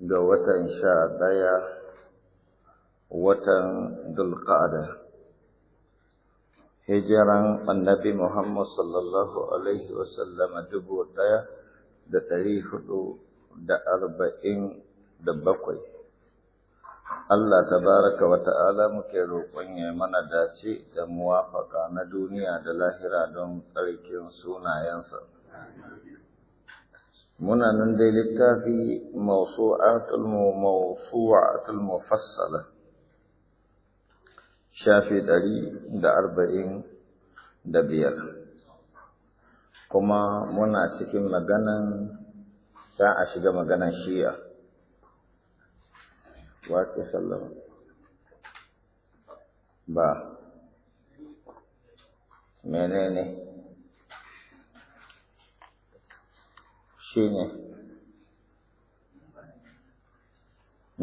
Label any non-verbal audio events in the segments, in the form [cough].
ga watan sha ɗaya watan dulƙada hijiran annabi Muhammad sallallahu alaihi wasallam dubu ɗaya da ɗari hudu da arba'in da bakwai Allah tabaraka wa ta'ala muke roƙon ya mana dace da muwafaka na duniya da lahira don tsarkin sunayensa. muna nan dai littafi mawsu'atul mawsu'atul mufassala shafi ɗari da arba'in da biyar kuma muna cikin maganan za a shiga maganan shi'a wake sallama ba menene shi ne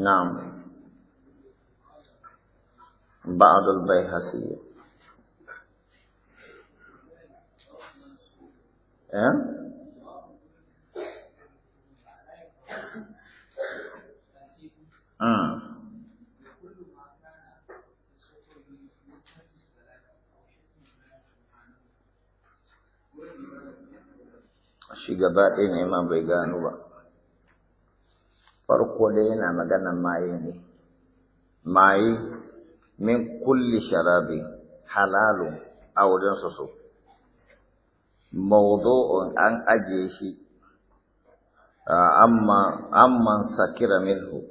na'am ba'dul bai shi gaba ɗaya ne bai gano ba farko dai yana magana maye ne maye min kulli sharabi halalun a wajensu su mawdu'un an ajiye shi amma amman sakira minhu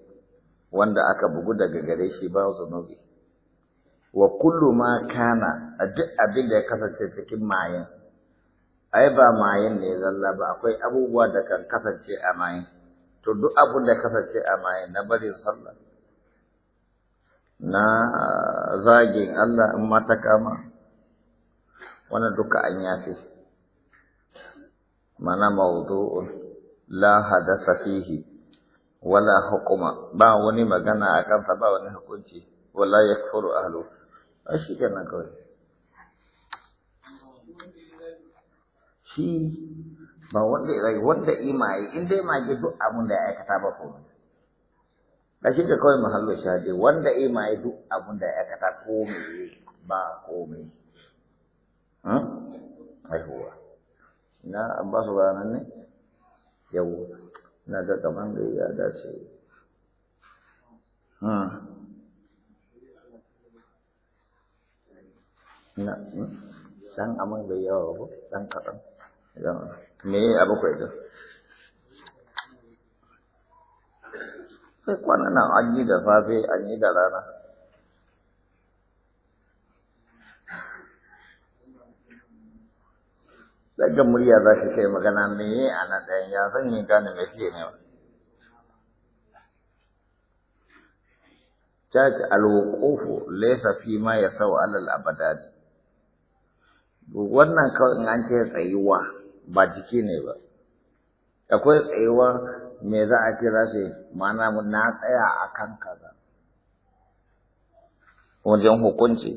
wanda aka bugu daga gare shi ba zunubi wa kullu ma kana duk abin da ya kasance cikin mayan ai ba mayen ne zalla ba akwai abubuwa da kan kasance a mayen to duk abun da kasance a mayen na bari sallah na zage Allah in ma ta kama wannan duka an yafi mana mawdu'un la hadasa fihi wala hukuma ba wani magana akan sa ba wani hukunci wala yakfuru ahlu ashi kenan kawai shi ba wanda rai wanda imaye in dai mage duk abin da ya aikata ba ko da shi da kawai mahallo shahadi wanda imaye duk abin da ya aikata ko ba komai hmm? haihuwa na abbasu ranar ne yau na ga kaman da ya dace hmm. na hmm? dan aman da yawa ba dan kaɗan me sai kwanan nan da safe an da rana daga murya za ka kai magana me a nan ɗayan ya san yin gane mai fiye ne ba caci alwuqufu laisa fi ma sau alal abadadi. wannan kawai in an ce tsayuwa ba jiki ne ba akwai tsayuwa me za a kira shi mana na tsaya a kan kaza wajen hukunci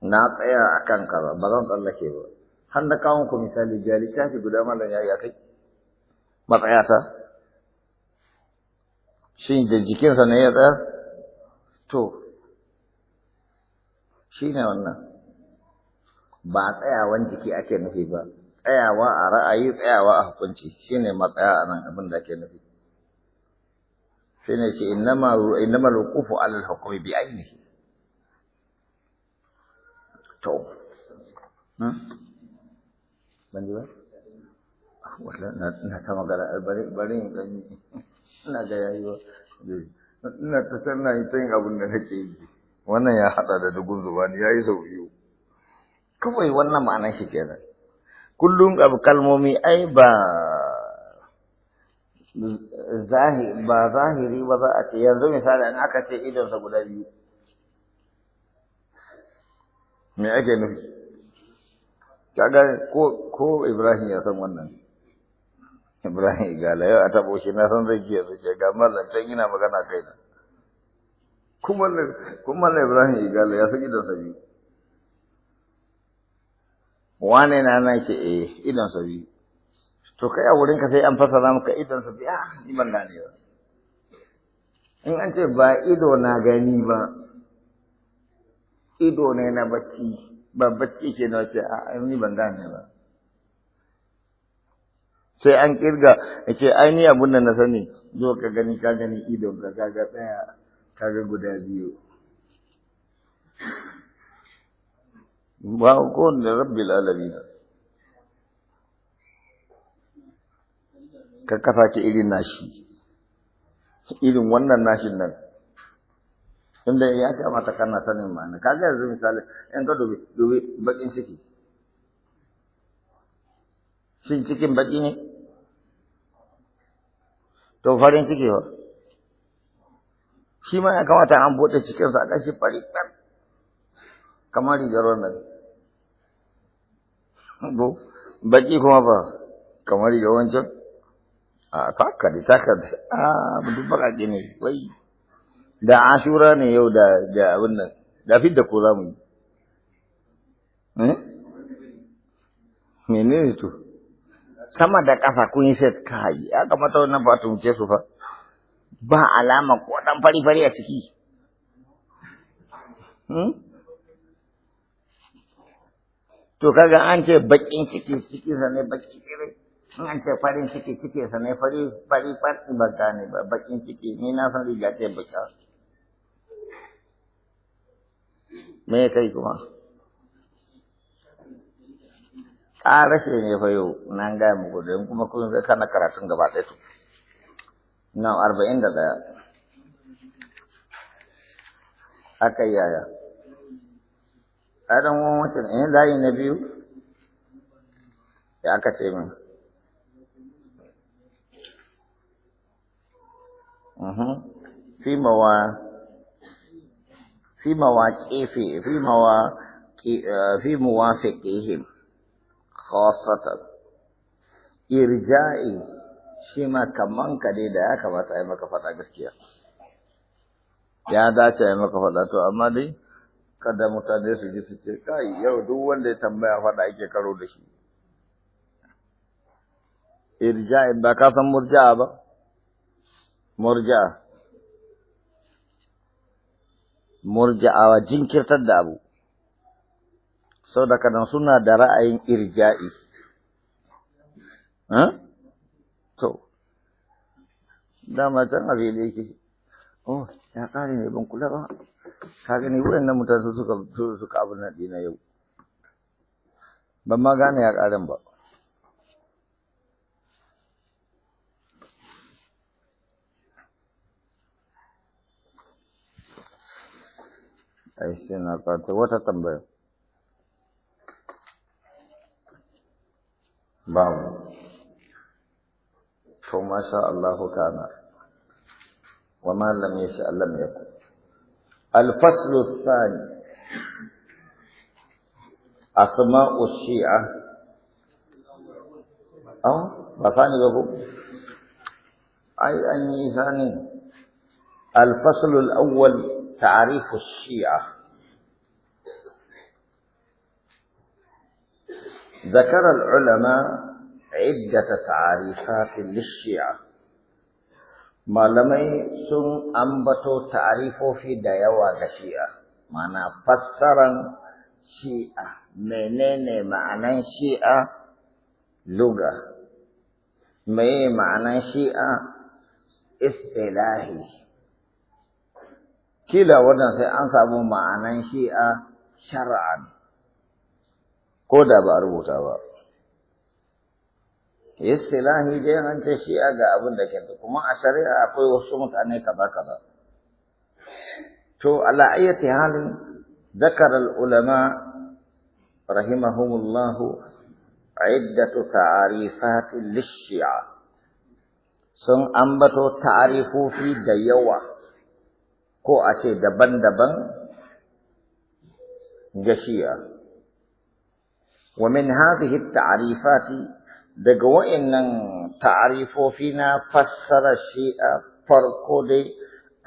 na tsaya a kan kaza ba zan tsallake ba har na kawo ku misali biya littafi guda malam ya ya kai ta. shi da jikinsa ne ya tsaya to shi ne wannan ba tsayawan jiki ake nufi ba tsayawa a ra'ayi tsayawa a hukunci shine matsaya a nan abin da ke nufi shine ce innama innama alqufu ala alhukmi bi ainihi to hmm? ban ji ba ah, na ta magana bari in gani [laughs] ina ga yayi ba ina ta sanna ita yin abin da nake yi wannan ya hada da dugun zuba ne yayi sau biyu kawai wannan ma'anar shi kenan kullum abu kalmomi ai ba ba zahiri ba za a ce yanzu misali an aka ce idonsa guda biyu me ake nufi kaga ko ko Ibrahim ya san wannan Ibrahim igala yau a tabo shi na san zai kiyaye zuke ga mallan yana magana kai na kuma kuma Ibrahim igala ya san idonsa biyu wane na na ke eh idan sa biyu to kai a wurin ka sai an fasara maka idan sa biyu ah ni ban gane ba in an ce ba ido na gani ba ido ne na bacci ba bacci ke na ce a ah, ni ban gane ba sai an kirga ya ce ni abun nan na sani zo ka gani ka gani ido ka ga daya ka ga guda biyu ba ko da rabbil alamin ka kafa ki irin nashi irin wannan nashin nan inda ya kamata kana sanin ma'ana kaga yanzu misali in ka dubi dubi bakin ciki shin cikin baki ne to farin ciki ba shi ma ya kamata an bude cikinsa a ƙashi fari kamar rigar wannan go baki kuma ba kamar ga wancan a takali takali a duk baƙaƙe ne wai da ashura ne yau da da abin nan da fidda ko za mu yi eh? menene to sama da kafa kun yi set kai ya kamata wannan ba tumce su fa ba alama ko dan fari fari a ciki hmm? to kaga an ce bakin ciki ciki sane bakin ciki in an ce farin ciki ciki sane fari fari fari ba gane ba ciki ni na san riga ce me kai kuma ƙarashe ne fa yau gaya muku da kuma kun zai kana karatun gaba ɗaya to arba'in da ɗaya aka yaya a ɗan ne in layi na biyu ya aka ce min mhm. fi mawa fi mawa fi mawa eh, fi irja'i shi ma kaman ka da ya kamata a yi maka faɗa gaskiya ya dace a yi maka faɗa to amma dai kada mutane su ji su ce kai yau duk wanda ya tambaya faɗa ake karo da shi in ba ka san murja'a ba murja'a murja'awa jinkirtar da abu Sau da kadan suna da ra'ayin irja'i to dama can a fili yake oh ya tsari ne ban kula ba ka gani waɗannan mutane su suka su suka abin nan dina yau ban ma gane ya ƙarin ba ai sai na ƙarfi wata tambaya babu to masha Allahu kana وما لم يشأ لم يكن الفصل الثاني أسماء الشيعة أو بثاني بابو أي أني ثاني الفصل الأول تعريف الشيعة ذكر العلماء عدة تعريفات للشيعة malamai sun ambato ta'arifofi da yawa ga shi'a mana fassaran shi'a menene ma'anan shi'a luga Me ma'anan shi'a istilahi kila wannan sai an samu ma'anan shi'a shar'an ko da ba a rubuta ba istilahi dai rance shi ga abin da kenta kuma a shari'a akwai wasu mutane kaza kaza to ala ذكر العلماء رحمهم الله عدة تعريفات للشيعة سن أنبتو تعريفو في ديوة كو أشي دبن دبن جشيع ومن هذه التعريفات daga wa'annan ta'arifofi na fassara shi a farko dai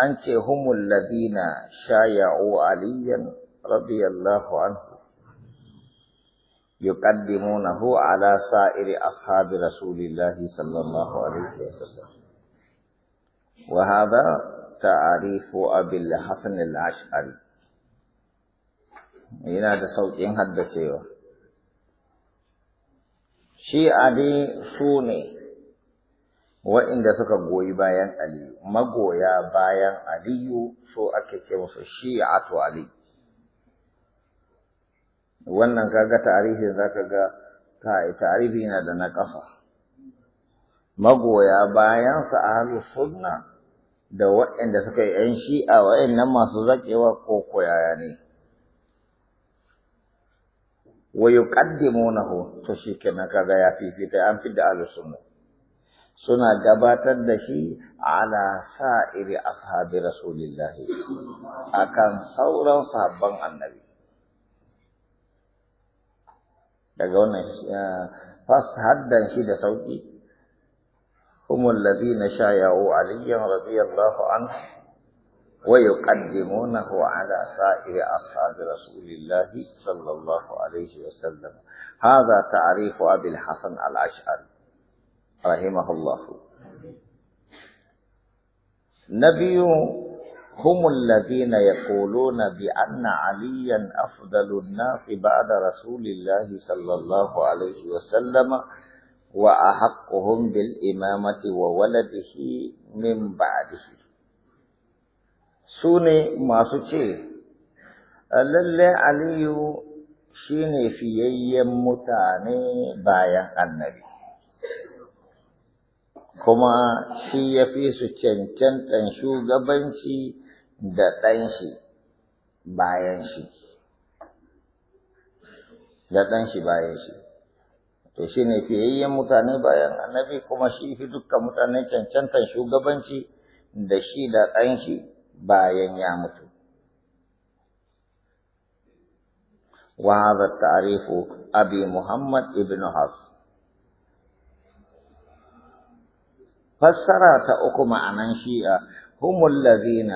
an ce humul ladina shaya'u aliyan radiyallahu anhu yuqaddimunahu ala sa'iri ashabi rasulillahi sallallahu alaihi wasallam wa hadha ta'arifu abil hasan al-ash'ari yana da sauƙin haddacewa shi'a dai su ne waɗanda suka goyi bayan aliyu magoya bayan aliyu so ake ce musu shi shi'atu ali wannan kaga tarihin za zaka ga tarihi na da na ƙasa magoya bayansa halin sunna da waɗanda suka yi ‘yan shi'a waɗannan masu zaƙewa ko koyaya ne. wa yuqaddimunahu to shi kenan kaga ya fifita an fi da ahlus suna gabatar da shi ala sa'iri ashabi rasulillahi akan sauran sahabban annabi daga wannan fas haddan shi da sauki humul ladina shaya'u aliyan radiyallahu anhu ويقدمونه على سائر أصحاب رسول الله صلى الله عليه وسلم هذا تعريف أبي الحسن الأشعري رحمه الله نبي هم الذين يقولون بأن عليا أفضل الناس بعد رسول الله صلى الله عليه وسلم وأحقهم بالإمامة وولده من بعده su ne masu ce lalle aliyu shine fiyayyen mutane bayan annabi kuma shi ya fi su cancantan shugabanci da ɗan shi bayan shi da ɗan shi bayan shi to shi ne fiyayyen mutane bayan annabi kuma shi fi dukkan mutane cancantan shugabanci da shi da ɗan shi bayan ya mutu وهذا التعريف أبي محمد ابن حفص فسرت أكم عن شيئا هم الذين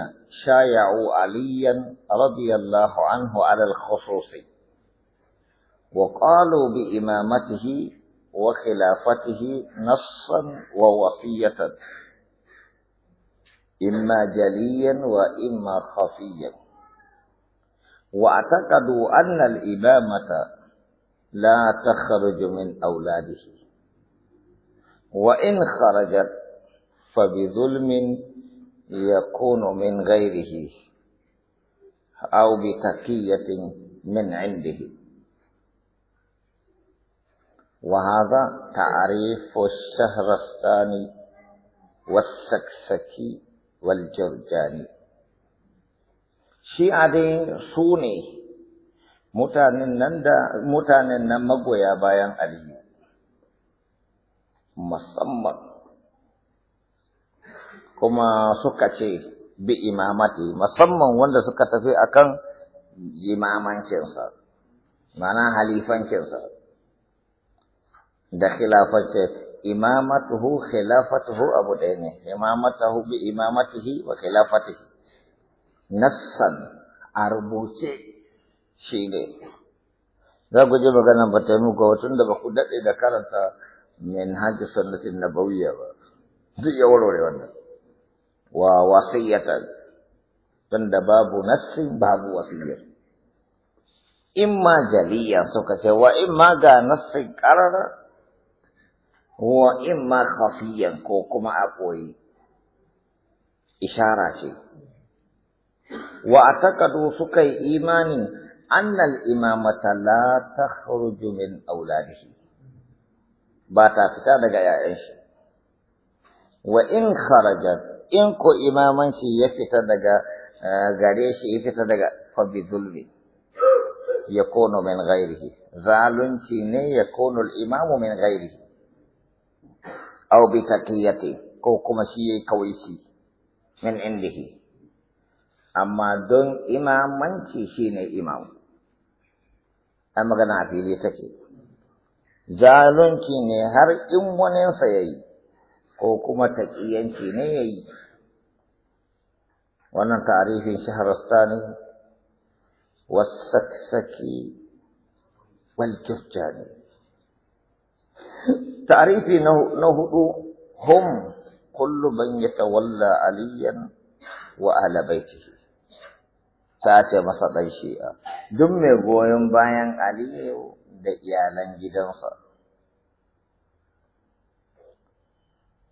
شايعوا عليا رضي الله عنه على الخصوص وقالوا بإمامته وخلافته نصا ووصية إما جليا وإما خفيا واعتقدوا أن الإمامة لا تخرج من أولاده وإن خرجت فبظلم يكون من غيره أو بتقية من عنده وهذا تعريف الشهرستاني والسكسكي والجرجاني shi'a dai su ne mutanen nan magoya bayan aliyu musamman kuma suka ce bi imamati musamman wanda suka tafi akan imamancinsa mana halifancinsa da khilafarsa imamatuhu khilafatuhu abu ɗaya ne imamatahu bi imamatihi wa khilafatihi nassan a rubuce shi ne za ku je magana ba ta muku watan da ba ku daɗe da karanta min hajji na nabawiyya ba duk ya warware wannan wa wasiyyatan tunda babu nassin babu In imma jaliya suka ce wa imma ga nassin karara wa imma khafiyan ko kuma a ɓoye ishara ce wa atakadu suka yi imani annal imamata la takhruju min auladihi ba ta fita daga 'ya'yan shi wa in kharajat in ko imamanci ya fita daga eh, gare shi ya fita daga fa bi zulmi yakunu min ghairihi zalunci ne yakunu al imamu min ghairihi aw bi taqiyati ko kuma shi yayi kawaici min indihi amma don imamanci shine imam a magana a fili take zalunci ne har in waninsa ya yi ko kuma taƙiyanci ne ya yi wannan tarifin shaharastani wasaksaki walkirjani تعريفي نهض هم كل من يتولى عليا وأهل بيته تاتي مصدر دان شيئا دم مي goyon bayan Aliyu da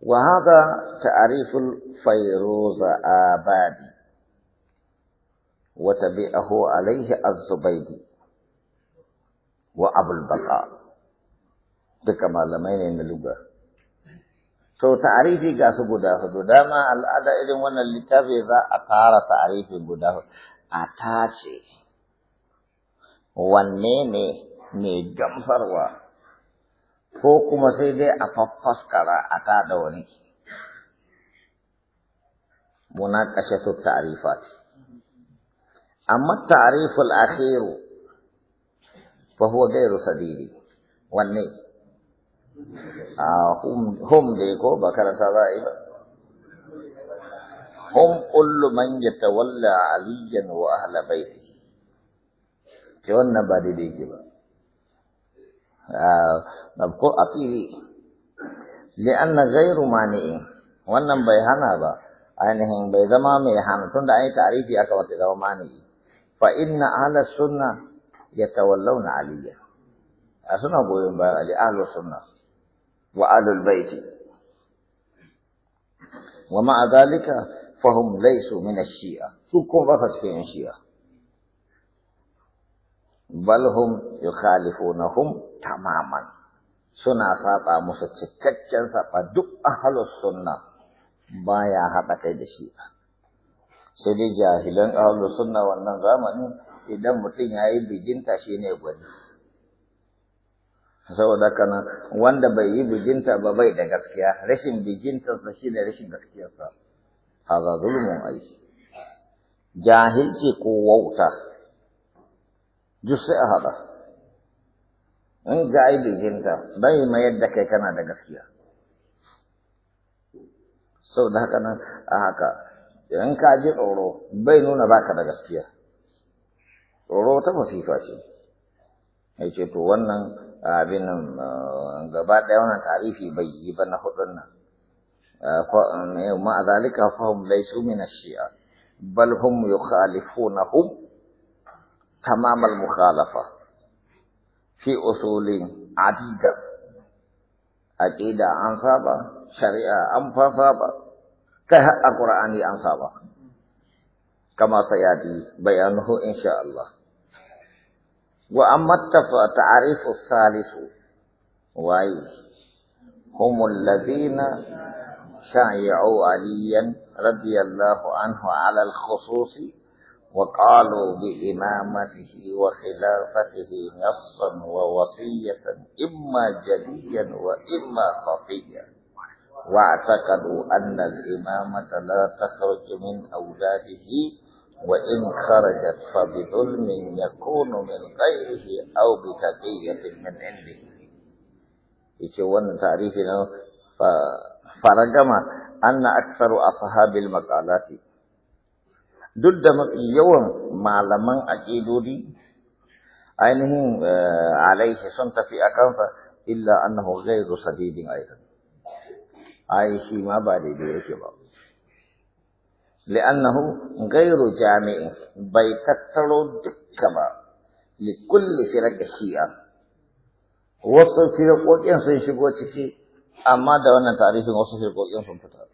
وهذا تعريف الفيروز آبادي وتبعه عليه الزبيدي وأبو البقاء duka malamai ne na luga to ta'arifi ga su guda hudu dama al'ada irin wannan littafi za a tara ta'arifi guda hudu a tace wanne ne mai gamsarwa ko kuma sai dai a faffaskara a tada wani muna kashe su ce. amma ta'ariful akhiru fa huwa ghairu sadidi wanne a hum da ko ba karanta za a yi ba hum kullu man yatawalla aliyan wa bai ta ke wannan ba daidai ke ba a ko a fili na ghairu mani'in wannan bai hana ba ainihin bai zama mai hana tunda an yi ta'arifi aka wata zama mani'i fa inna ahla sunna na aliyan a suna goyon bayan ali ahlu sunna وآل البيت ومع ذلك فهم ليسوا من الشيعة سكوا بفت في الشيعة بل هم يخالفونهم تماما سنا ساقا مسككا ساطا دق أهل السنة بايا هبتي الشيعة sai جاهلا أهل السنة والنظام إذا zamanin idan mutum yayi bijinta saboda nan wanda bai yi bijinta ba bai da gaskiya rashin bijintarsa shi ne rashin gaskiyarsa haza zulmun ai jahilci ko wauta duk sai a haɗa in ga ai bijinta bai mai yadda kai kana da gaskiya saboda haka nan a haka in ka ji tsoro bai nuna baka da gaskiya tsoro ta masifa ce ya ce to wannan abin gaba ɗaya wannan tarifi bai yi ba na hudun nan ma zalika fahum laysu min ash bal hum yukhalifunahum tamam al-mukhalafa fi usulin adida aqida an saba shari'a an fa saba kai har alqur'ani an saba kama sayati bayanuhu insha Allah وأما التعريف الثالث وأي هم الذين شايعوا عليا رضي الله عنه على الخصوص وقالوا بإمامته وخلافته نصا ووصية إما جليا وإما خفيا واعتقدوا أن الإمامة لا تخرج من أولاده وإن خرجت فبظلم يكون من غيره أو بتقية من عنده يشوفون تعريف فرجم أن أكثر أصحاب المقالات ضد يوم ما لم أجدوا لي أينهم آه، عليه سنت في أكان إلا أنه غير صديق أيضا أي شيء ما بعد يدير شباب لأنه غير جامع بيتترو دكما لكل فرق الشيعة وصل فرقوك ينصر يشبه تكي أما دوانا تعريف وصل فرقوك ينصر فتار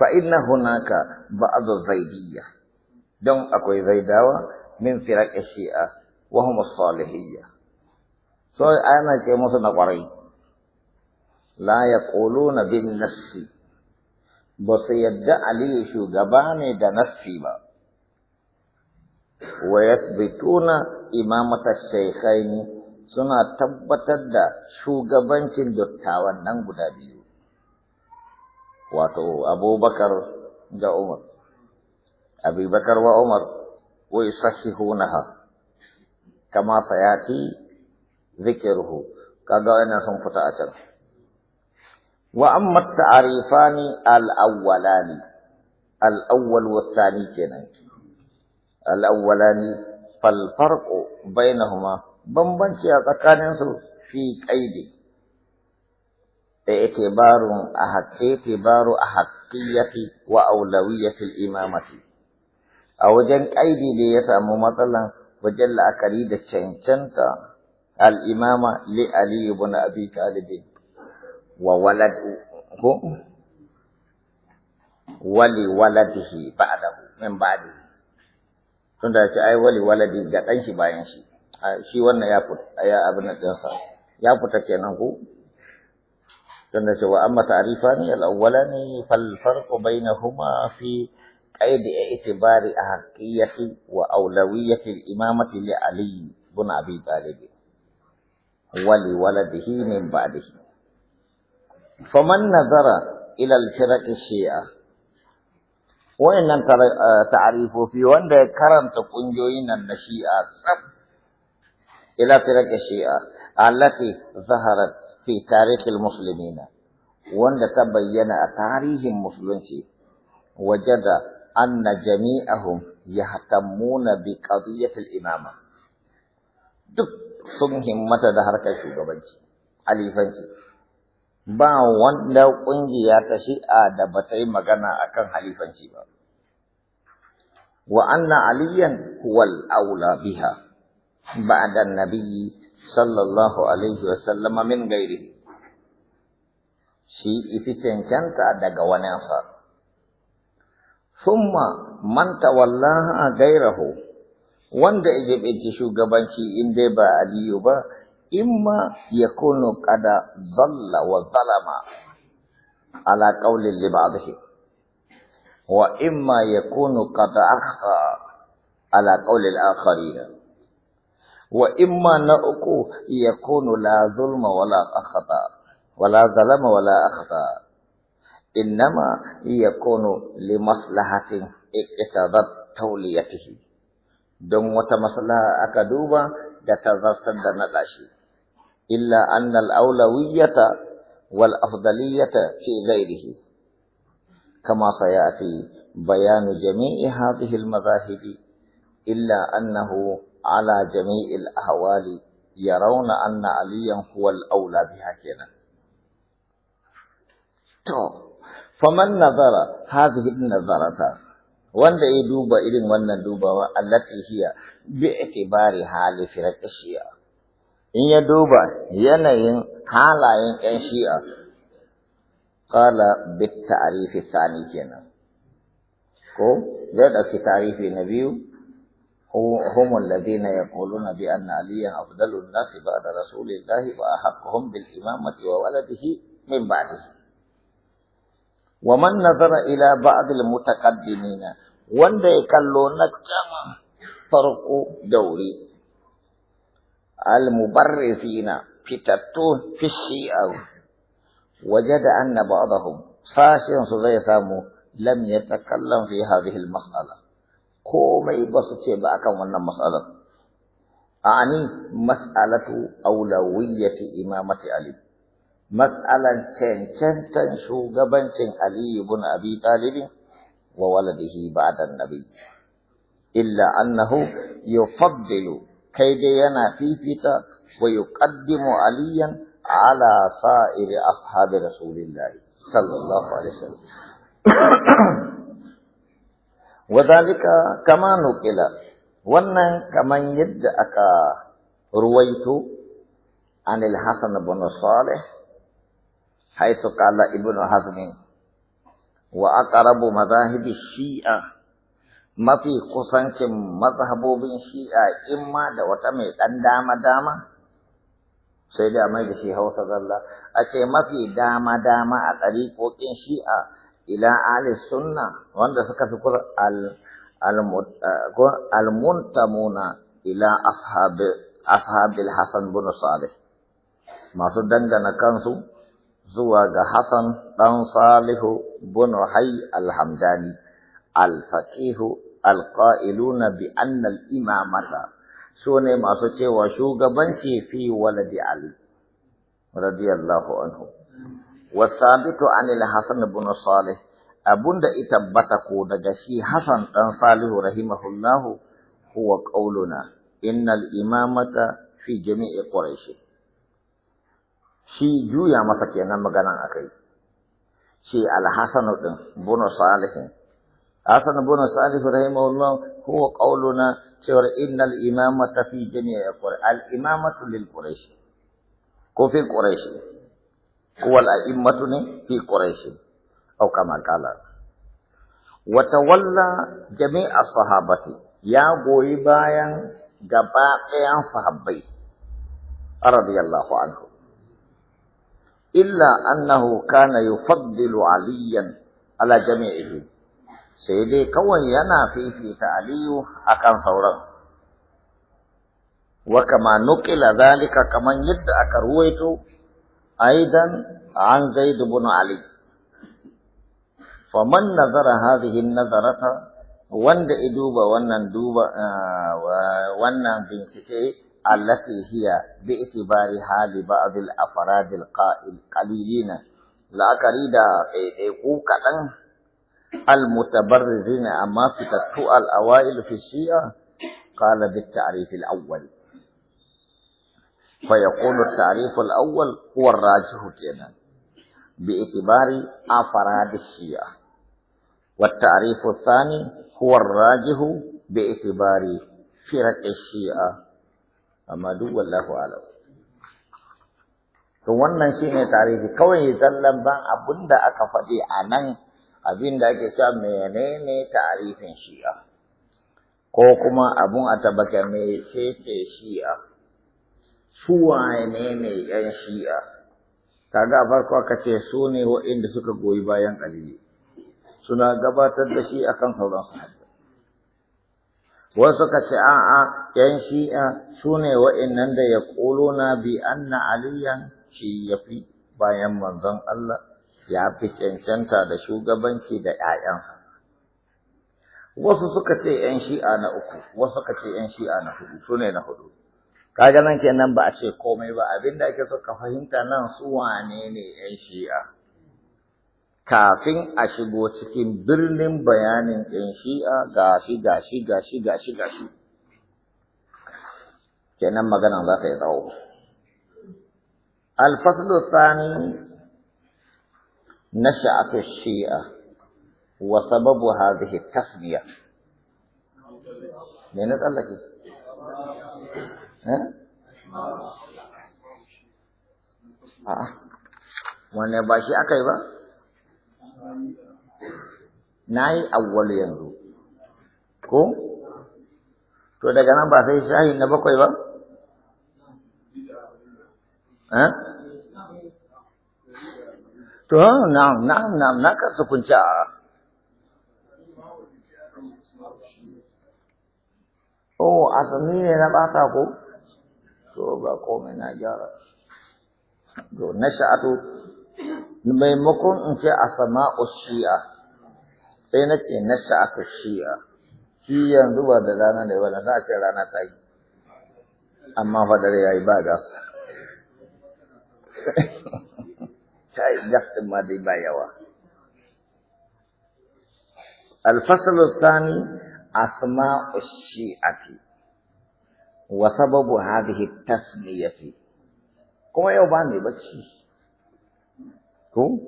فإن هناك بعض الزيدية دون أكو زيداوة من فرق الشيعة وهم الصالحية سواء أنا شيء مثل لا يقولون بالنسي ba su yadda Aliyu shugaba ne da nassi ba. Wa bituna imamata shaikhaini suna tabbatar da shugabancin dattawan nan guda biyu. Wato Abubakar da Umar. Abubakar wa Umar wai sashi hunaha, kama sayati zikiruhu kaga wani sun fita a can. وأما التعريفان الأولان الأول والثاني كنا الأولان فالفرق بينهما بمبنشي أتكان في قيد اعتبار أحد اعتبار أحقية وأولوية الإمامة أو جن قيد ليس ممثلا وجل أكريد الشنشنة الإمامة لعلي بن أبي طالب وولد wali waladihi ba'dahu min ba'di tunda ce ai wali waladi ga dan shi bayan shi shi wannan ya fita ya abin da sa ya fita kenan ko tunda ce wa amma ta'rifani al-awwalani fal farqu bainahuma fi قيد اعتبار أحقية وأولوية الإمامة لعلي بن أبي طالب ولولده من بعده فمن نظر إلى الفرق الشيعة وإن آه، تعريف في ده كرنت كنجوين النشيعة سب إلى فرق الشيعة التي ظهرت في تاريخ المسلمين ده تبين تاريخ المسلمين وجد أن جميعهم يهتمون بقضية الإمامة دك سنهم متى ظهر علي فنجي ba wanda ƙungiya ta shi'a da ba yi magana akan kan halifanci ba. Wa anna aliyan huwal aula biha ba'da nabiyyi sallallahu alaihi wa sallama min gairi shi ifi cancanta daga waninsa. Summa man tawallaha gairahu wanda ya shugabanci in dai ba Aliyu ba إما يكون قد ظل وظلم على قول لبعضهم وإما يكون قد أخطى على قول الآخرين وإما نأكو يكون لا ظلم ولا أخطأ ولا ظلم ولا أخطأ إنما يكون لمصلحة اقتضت توليته دون وتمصلها أكدوبا da ta zartar إلا أن الأولوية والأفضلية في غيره كما سيأتي بيان جميع هذه المذاهب إلا أنه على جميع الأهوال يرون أن عليا هو الأولى بها كنا فمن نظر هذه النظرة وند يدوب إذن وند التي هي باعتبار حال فرق الشيعة in ya duba yanayin halayen ƴan shi'a qala bit ta'rifi sani kenan ko zai ɗauki tarihi na biyu هم الذين يقولون بأن عليا أفضل الناس بعد رسول الله وأحقهم بالإمامة وولده من بعده ومن نظر إلى بعض المتقدمين وان يكلون كما فرق دوري المبرزين fitattu fi shi'ar wajada anna ba'dahum sashin su zai samu lam yatakallam fi hadhihi al-mas'ala komai ba su ce ba akan wannan mas'alar ani mas'alatu awlawiyyati imamati ali mas'alan cancantan shugabancin ali ibn abi talib wa waladihi ba'da an-nabi illa annahu yufaddilu كيد ينافي فتا ويقدم عليا على صائر أصحاب رسول الله صلى الله عليه وسلم [coughs] وذلك كما نقل وانا كما يدعك رويت عن الحسن بن صالح حيث قال ابن حزم وأقرب مذاهب الشيعة mafi kusancin mazhabobin shi'a in ma da wata mai ɗan dama-dama sai da mai da shi hausa zalla a ce mafi dama-dama a ɗariƙoƙin shi'a ila ali sunna wanda suka fi kusa almuntamuna ila ashabil hasan bin salih masu dangana kansu zuwa ga Hassan ɗan Salihu bin Hai Alhamdani, faqihu القائلون بأن الإمامة سونة ما سوچه وشوق بنشي في ولد علي رضي الله عنه والثابت عن الحسن بن صالح أبن دا إتبت قود جشي حسن عن صالح رحمه الله هو قولنا إن الإمامة في جميع قريش شي جو يا مسكينا مغانا أكيد شي الحسن بن صالح حسن بن صالح رحمه الله هو قولنا شور إن الإمامة في جميع القرآن الإمامة للقريش في قريش هو الأئمة في قريش أو كما قال وتولى جميع الصحابة يا غويبايا غباقيا صحابي رضي الله عنه إلا أنه كان يفضل عليا على جميعهم sai dai kawai yana fifita aliyu akan sauran wa kama nukila zalika kaman yadda aka ruwaito aidan an zaid ibn ali Fa man nazara hadhihi nazarata wanda iduba wannan duba ah, wannan bincike allati hiya bi itibari hali ba'd al afrad al qalilina la'akari da ko kaɗan المتبرزين أما في الأوائل في الشيعة قال بالتعريف الأول فيقول التعريف الأول هو الراجح كنا باعتبار أفراد الشيعة والتعريف الثاني هو الراجح باعتبار فرق الشيعة أما دو الله أعلم to wannan shine tarihi kawai zallan ban abunda aka faɗi a nan abin da ake cewa menene tarihin shi'a ko kuma abun a tabbata mai cece shi'a su wane ne yan shi'a kaga a farko aka ce su ne waɗanda suka goyi bayan aliyu suna gabatar da shi akan sauran sahabbai wasu ka ce a'a yan shi'a su ne waɗannan da ya na bi anna aliyan shi ya fi bayan manzon Allah ya fi cancanta da shugabanci da ‘ya'yansa. Wasu suka ce ‘yan shi'a na uku, wasu suka ce ‘yan shi'a na hudu, su ne na hudu. Kaga nan kenan ba a ce komai ba, abin da ake so ka fahimta nan su wane ne ‘yan shi'a. Kafin a shigo cikin birnin bayanin ‘yan shi'a gashi gashi gashi gashi gashi. Kenan maganan za ta yi tsawo. Alfaslu tsani نشأت الشيعة وسبب هذه التسمية من قال لك ها آه. وانا باشي اكاي با ناي اول ينزو كو تو daga nan ba sai shahi na bakwai ba eh To, na, na, na, na kasa kunci a Oh, asali ne na bata ko? To, ba komai na gyara. To, na sha'atu, maimakon in ce asama ushiya. sai na ce na sha'atu shi'a. Shi yanzu ba da rana ne ba, da za a ce rana ta yi. Amma fadar ya yi ba gasa. [laughs] kai gas din ma dai ba yawa الفصل الثاني أسماء الشيعة وسبب هذه التسمية كما يوباني بكي كو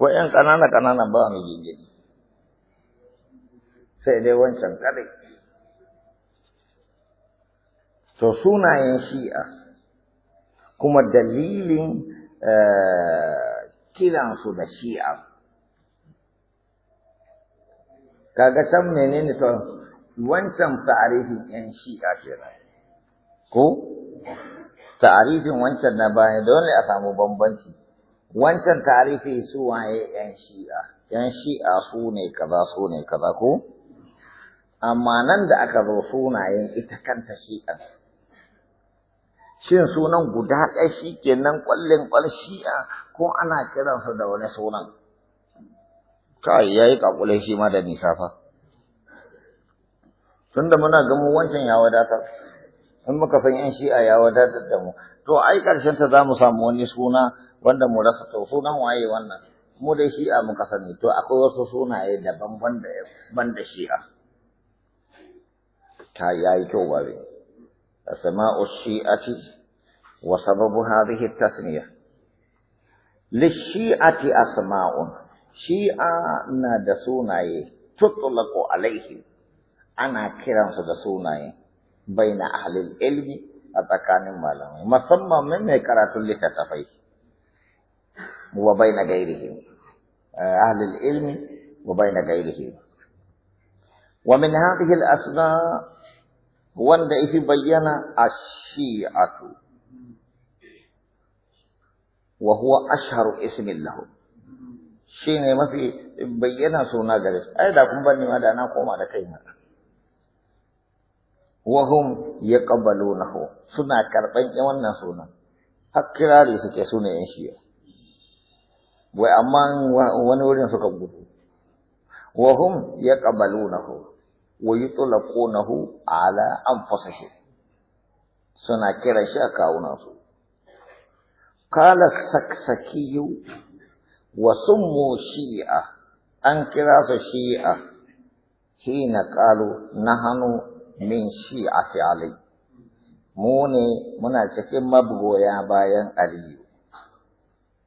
ko ƴan ƙanana-ƙanana ba mai gingiri sai dai wancan kaɗai to sunayen shi'a kuma dalilin eh, kiransu da shi'a kaga can menene to wancan ta'arifin yan shi'a kenan ko ta'arifin wancan na baya dole a samu bambanci wancan ta'arifi su waye yan shi'a yan shi'a su ne kaza su ne kaza ko amma nan da aka zo sunayen ita kanta shi'a shin sunan guda ɗaya shi kenan kwallin ƙwal shi'a ko ana kiransa da wani sunan kai yayi kakule shi ma da nisa fa tunda muna ga mu wancan ya wadata, in muka san yan a ya wadata da mu to ai karshen ta zamu samu wani suna wanda mu rasa to sunan waye wannan mu da shi a muka sani to akwai wasu sunaye daban banda banda a. ta yayi kyau ba asma'u shi'ati wa sababu hadhihi tasmiyah للشيعة أسماء شيعة نادسونا تطلق عليه أنا كيران سدسونا بين أهل العلم أتكان مالهم سَمَّا من كرات لتتفي وبين غيرهم أهل العلم وبين غيرهم ومن هذه الأسماء وندئ في بيان الشيعة wa huwa asharu ismillahu shi ne mafi bayyana suna gare shi ai da kun bani ma da na koma da kaina wa hum yaqbalunahu suna karban wannan sunan hakkirari suke sune yan shi. wai amma wani wurin suka gudu wa hum yaqbalunahu wa yutlaqunahu ala anfusihim suna kira shi a kawunansu قال السكسكي وسموا شيعة أنكراس الشيعة حين قالوا نحن من شيعة علي موني منا cikin mabugoya bayan Aliyu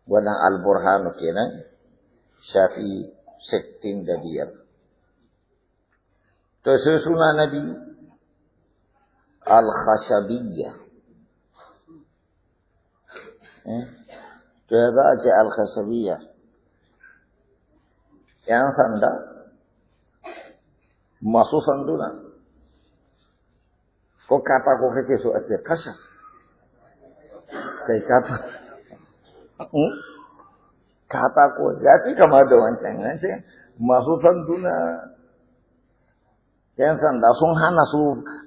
wannan alburhanu kenan shafi 65 to sai suna na al-khashabiyya to ya za a ce alkhasabiya yan sanda masu sanduna ko katako kake so a ce kasha kai kata hmm? katako ya fi kama da wancan yanci masu sanduna yan sanda sun hana su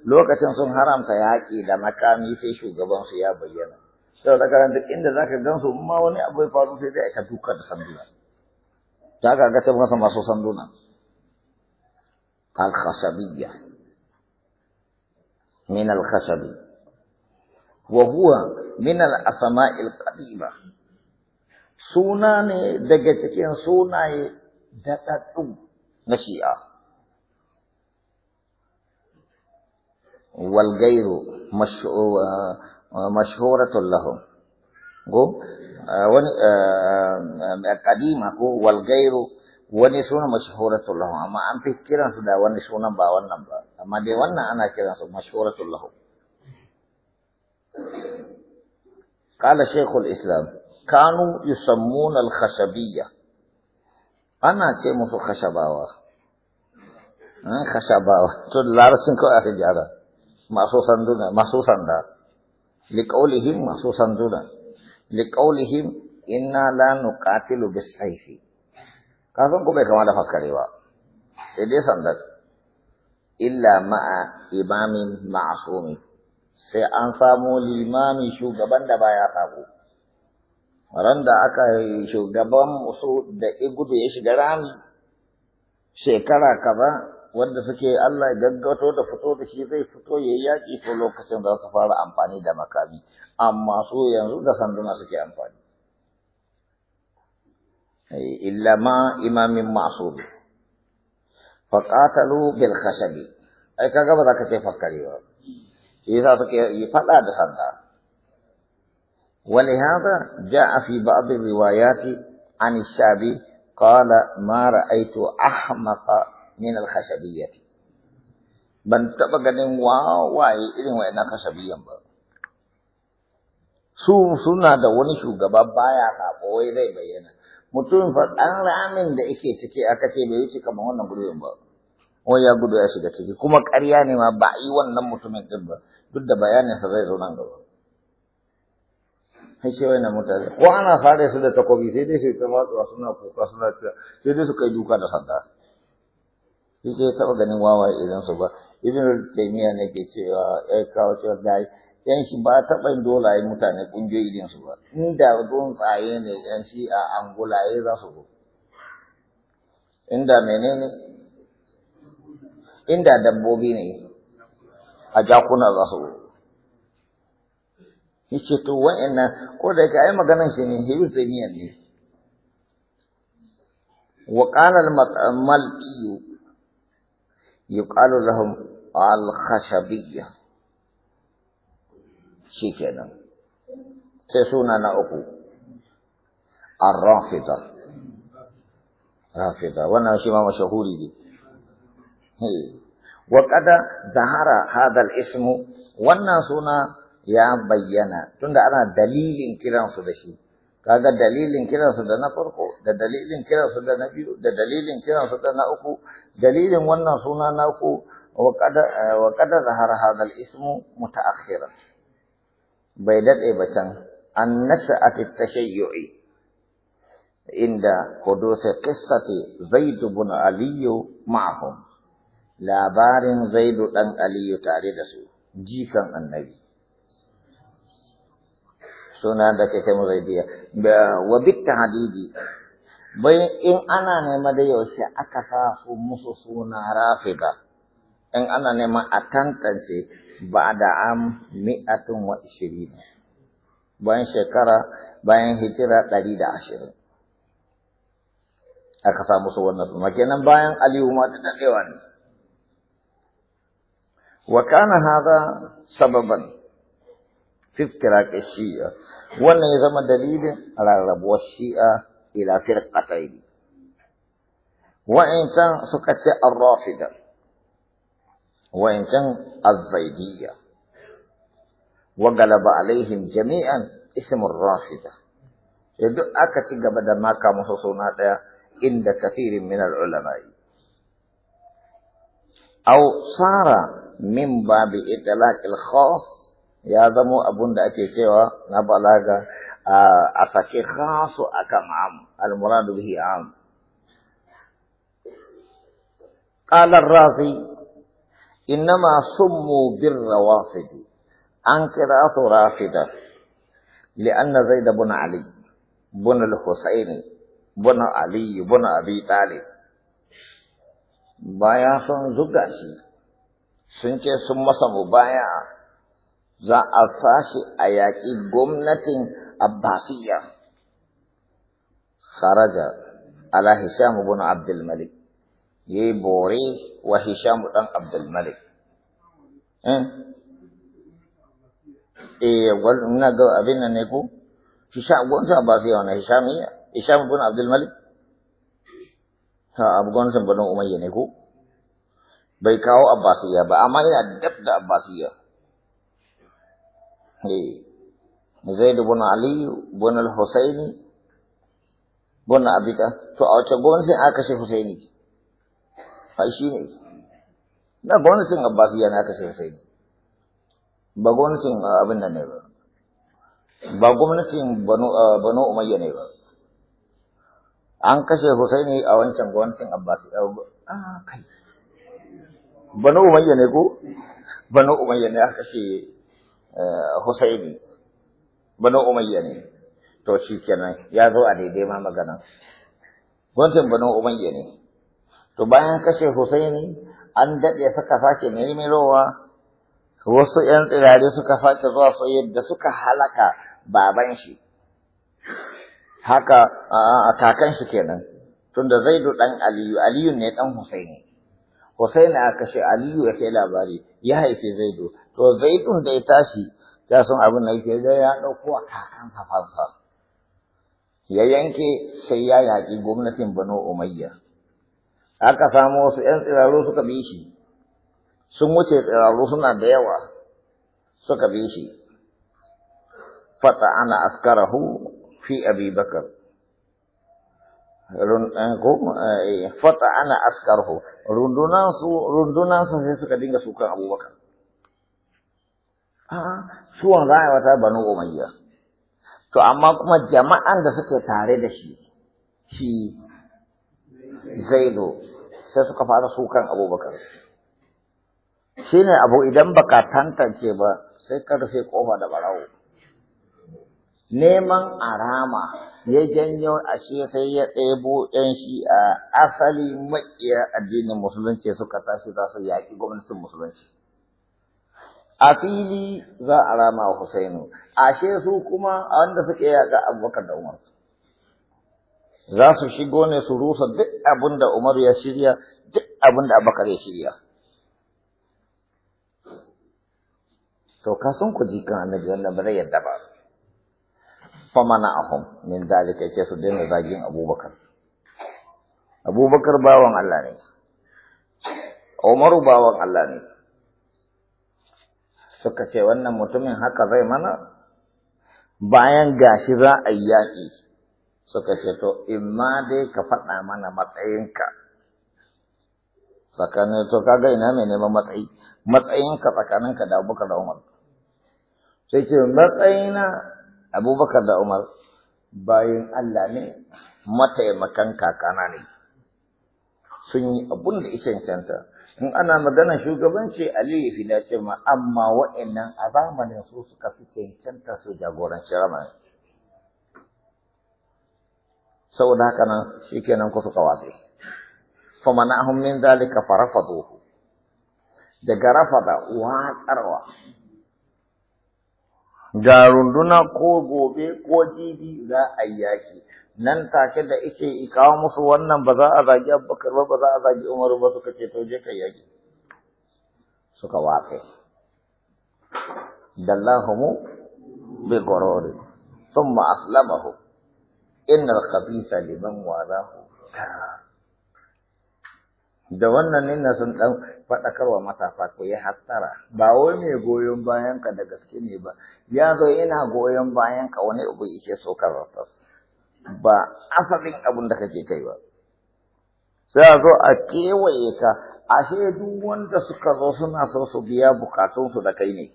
lokacin sun haramta yaƙi da makami sai shugabansu ya bayyana sau da karanta inda za ka su ma wani abu ya faru sai dai ka duka da sanduna za ka ga tabbasa masu sanduna al-khashabiyya min al-khashabi wa huwa min al-asma'i al qadima suna ne daga cikin sunaye daɗaɗɗu na shi'a wal gairu mash'u مشهورة لهم قوم آه، وني آه، آه، قديم والغير وني مشهورة لهم أما أم في كيران سدا وني با وني أما دي وانا أنا كيران سو مشهورة لهم قال شيخ الإسلام كانوا يسمون الخشبية أنا شيء مسو خشباوة خشباوة تقول لارسنكو أخي جارا مخصوصا دونا مخصوصا دونا liqaulihim masusan duna liqaulihim inna la nuqatilu bis kasan ko bai kama da faskare ba sai dai illa ma'a imamin ma'asumi sai an samu limami shugaban da baya sabo ran da aka shugaban musu da igudu ya shiga rami shekara kaza wanda suke Allah ya gaggato da fito da shi zai fito ya yaki to lokacin da su fara amfani da makami amma su yanzu da sanduna suke amfani ai illa ma imamin ma'sum fa qatalu bil khashabi ai kaga ba za ka ce fakkari ba shi yasa suke yi fada da sanda ولهذا جاء في بعض الروايات عن الشعبي قال ما رأيت أحمق min al-khashabiyyati ban taba ganin wawaye irin wayannan khashabiyyan ba su suna da wani shugaba baya sako wai zai bayyana Mutumin fa dan ramin da yake ciki aka ce bai wuce kamar wannan gurbin ba wai ya gudu ya shiga ciki kuma ƙarya ne ma ba yi wannan mutumin din ba duk da bayaninsa zai zo nan gaba sai ce mutane ko ana sare su da takobi sai dai su ta matsuwa suna kuka suna cewa sai dai su kai duka da sanda shi ke taɓa ganin wawaye idan su ba ibn taymiya ne ke cewa ya kawo cewa dai yan shi ba taɓa yin dolaye mutane ƙungiyoyi irin su ba inda tsaye ne yan shi a angulaye eh, za su zo inda menene inda dabbobi ne a jakuna za su zo ce to wa'annan ko da yi maganan shi ne hibu taymiya ne wa qala al يقال لهم الخشبية شيكنا تسونا نأكو الرافضة رافضة وانا شما مشهوري دي وقد ظهر هذا الاسم وانا سونا يا بينا تند انا دليل كلام صدشي kaga dalilin kiransu da na farko da dalilin kiransu da na biyu da dalilin kiransu da na uku dalilin wannan suna na uku wa kada har hadal ismu mutaakhiran bai daɗe ba can an nasha'at at-tashayyu'i inda hudusai qissati zaid ibn aliyu ma'ahum labarin zaidu dan aliyu tare da su jikan annabi suna da kake muzaidiya wa bitta hadidi Bai in ana nema da yaushe aka sa su musu suna rafida in ana nema a tantance ba da am mi'atun wa ishirin bayan shekara bayan hijira ɗari da ashirin aka sa musu wannan suna kenan bayan aliyu ma ta daɗewa ne wa kana hada sababan في افتراق الشيعة ولا يزم دليل على ربو الشيعة الى فرقتين وان كان سكت الرافدة وان كان الزيدية وغلب عليهم جميعا اسم الرافدة يدعك تقبل ما كان حصوناتا عند كثير من العلماء او صار من باب اطلاق الخاص ya zamo abun da ake cewa na balaga a sake khasu akan am al-muradu bihi am qala razi innama summu bir-rawafid an kira su rafida buna زيد buna علي بن الحسين بن علي بن أبي طالب بايا zuga shi? sun ce sun masa mubaya za a fashi a yaƙi gwamnatin Abbasiyya. Kharaja ala Hisham ibn Abdul Malik yayi bore wa Hisham dan Abdul Malik. Eh eh na ga abin nan ne ko Hisham gwamnatin Abbasiyya wa Hishamiyya eh? Hisham ibn Abdul Malik ha gwamnatin Banu Umayya ne ko bai kawo Abbasiyya ba amma yana dab da Abbasiyya. Zaidu, bin Ali bin al-Husaini bin abita to a wace gwamnati aka shi Husaini ai shi ne na gwamnatin yana aka kashe Husaini ba gwamnatin abin nan ne ba ba gwamnatin Banu Umayya ne ba an kashe Husaini a wancan gwamnatin abbasu a kai Banu Umayya ne ko Banu Umayya ne aka kashe Eh, husaini banu Umayya ne to shi kenan ya zo a daidai ma magana wancan banu Umayya ne to bayan kashe Husaini an daɗe suka sake rowa wasu ‘yan tsirare suka sake zuwa so yadda suka halaka baban shi haka a kakan shi kenan tunda zaidu ɗan aliyu aliyu ne ɗan husaini husaini a kashe aliyu ya kai labari ya haife zaidu to zaidun da ya tashi ya san abin da yake da ya dauko a kakan safarsa. ya yanke sai ya yaƙi gwamnatin banu umayya aka samu wasu ‘yan tsiraru suka bi shi sun wuce tsiraru suna da yawa suka bi shi fata ana askarahu fi abi bakar eh, eh, fata ana askarhu rundunansu sa sai suka dinga sukan abubakar A'a, suwan za a wata banu umayya. To amma kuma jama'an da suke tare da shi, shi zaido sai suka fara sukan abubakar. Shi ne abu idan baka tantance ba sai ka rufe kofa da barawo. Neman arama ya janyo ashe sai ya tsebo ‘yan shi a asali maƙiya addinin musulunci suka tashi za su yaƙi gwamnatin musulunci. a fili za a rama wa Husainu ashe su kuma a wanda suke yaƙa Abubakar da Umar za su shigo ne su rusa duk abin da Umar ya shirya duk abin da Abubakar ya shirya to ka sun ku ji kan annabi wannan ba zai yadda ba famana ahum min zalika ce su daina zagin Abubakar Abubakar bawan Allah ne Umar bawan Allah ne suka ce wannan mutumin haka zai mana bayan gashi za a yi yaƙi suka ce to imma dai ka faɗa mana matsayinka tsakanin to kaga ina mai neman matsayi matsayinka tsakaninka da abubakar da umar sai ce matsayina abubakar da umar bayan allah ne mataimakan kakana ne sun yi abun da ya cancanta in ana magana shugabanci Ali ya fi dace ma amma wa'annan a zamanin su suka fi cancanta su jagoranci ramani saboda haka nan kenan ku suka watsi fa manahum min zalika farafaduhu daga rafada watsarwa ga runduna ko gobe ko jibi za a yi yaki nan take da ike ikawo musu wannan ba za a zagi abubakar ba ba za a zagi umaru ba suka ce to je kai yaki suka watsa dallahumu bi gururi thumma aslamahu innal khabitha liman walahu da wannan ne na sun dan faɗakarwa matasa ko ya hattara ba wai mai goyon bayan ka da gaske ne ba ya zo yana goyon bayan ka wani ubu yake so ka ba asalin abin da kake kai ba sai a zo a kewaye ka ashe duk wanda suka zo suna so su biya bukatunsu da kai ne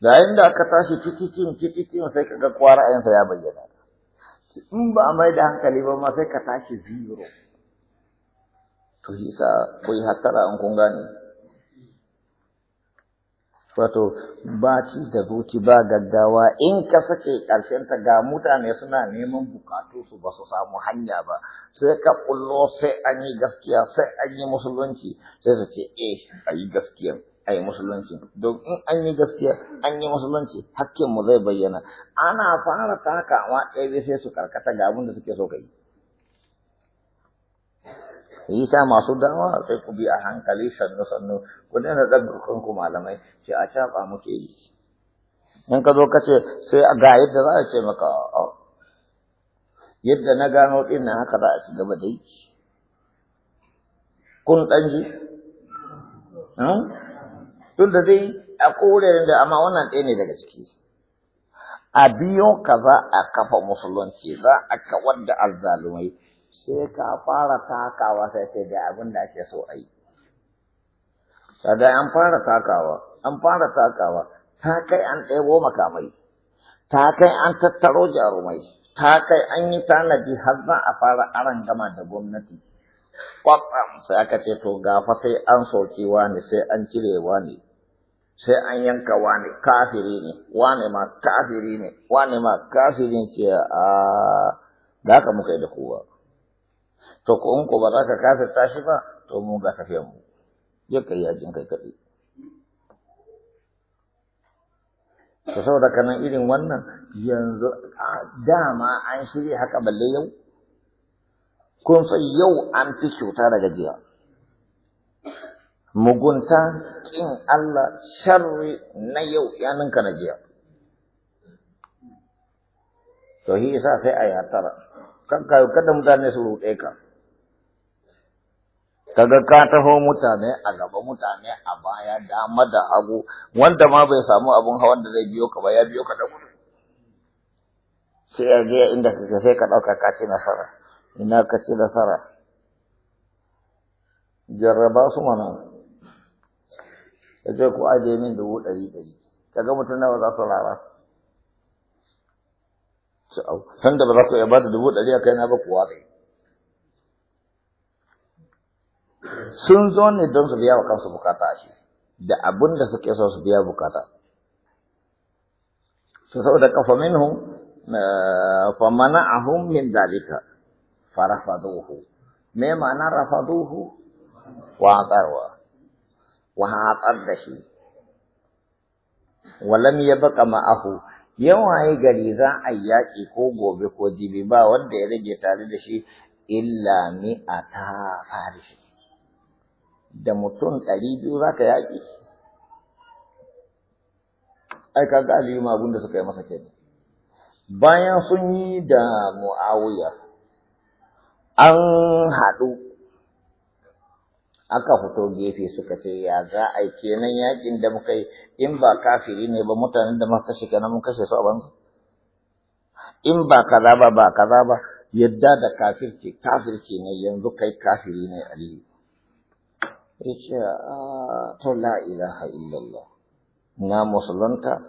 da inda aka tashi kitikin kitikin sai kaga kwara'ayensa ya bayyana in ba a mai da hankali ba ma sai ka tashi zero to shi sa yi hattara in kun gane wato ba ci da zuci ba gaggawa in ka sake ta ga mutane suna neman bukatu su ba su samu hanya ba sai ka kullo sai an yi gaskiya sai an yi musulunci sai su ce eh a yi gaskiya a yi musulunci don in an yi gaskiya an yi musulunci hakkinmu mu zai bayyana ana fara takawa ɗaya sai su karkata ga da suke so ka yi sa masu dama sai ku bi a hankali sannu sannu ku daina ɗaga ku malamai ce a caɓa muke yi in ka zo ka ce sai a ga yadda za a ce maka yadda na gano ɗin nan haka za a ci gaba da yi kun ɗan ji tun hmm? da zai a kore da amma wannan ɗaya ne daga ciki a biyo ka za a kafa musulunci za a kawar da azzalumai sai ka fara takawa sai ce da abin da ake so a yi kada an fara takawa an fara takawa ta kai an ɗebo makamai ta kai an tattaro jarumai ta kai an yi tanadi har za a fara aran gama da gwamnati kwatsam sai aka ce to gafa sai an soki wani sai an cire wani sai an yanka wani kafiri ne wani ma kafiri ne wani ma kafiri ne ce a da haka muka yi da kowa to ko in ko ba za ka kafirta shi ba to mu ga tafiyan mu ya kai yajin kai kaɗai to saboda kana irin wannan yanzu dama an shirya haka balle yau kun san yau an fi cuta daga jiya mugunta ƙin Allah sharri na yau ya ninka na jiya. To shi yasa sai a yatara, kan kayo kada mutane su ruɗe ka. kaga ka taho mutane a gaba mutane a baya dama da hagu wanda ma bai samu abun hawan da zai biyo ka ba ya biyo ka da gudu sai ya je inda kake sai ka ɗauka ka ci nasara ina ka ci nasara jarraba su mana ya ce ku aje min dubu ɗari ɗari kaga mutum nawa za su rara tun da ba za ku iya ba da dubu ɗari a kai na ba kuwa ɗai sun zo ne don su biya wa kansu bukata a shi da abin da suke so su biya bukata su da kafa a famana'ahum min dalika farafaduhu me ma'ana rafaduhu wa watsar da shi walam baka ma'ahu yi gari za a yaƙi ko gobe ko jibi ba wanda ya rage tare da shi illa mi'ata farishi da mutum ɗari biyu za ka yaƙi ai ka ga aliyu ma abin suka yi masa kenan bayan sun yi da mu'awiya an haɗu aka fito gefe suka ce ya za a yi kenan yakin da muka yi in ba kafiri ne ba mutanen da muka kashe kenan mun kashe su a banza in ba kaza ba ba kaza ba yadda da kafirci kafirci ne yanzu kai kafiri ne aliyu yace a ah, to la ilaha illallah na musulunta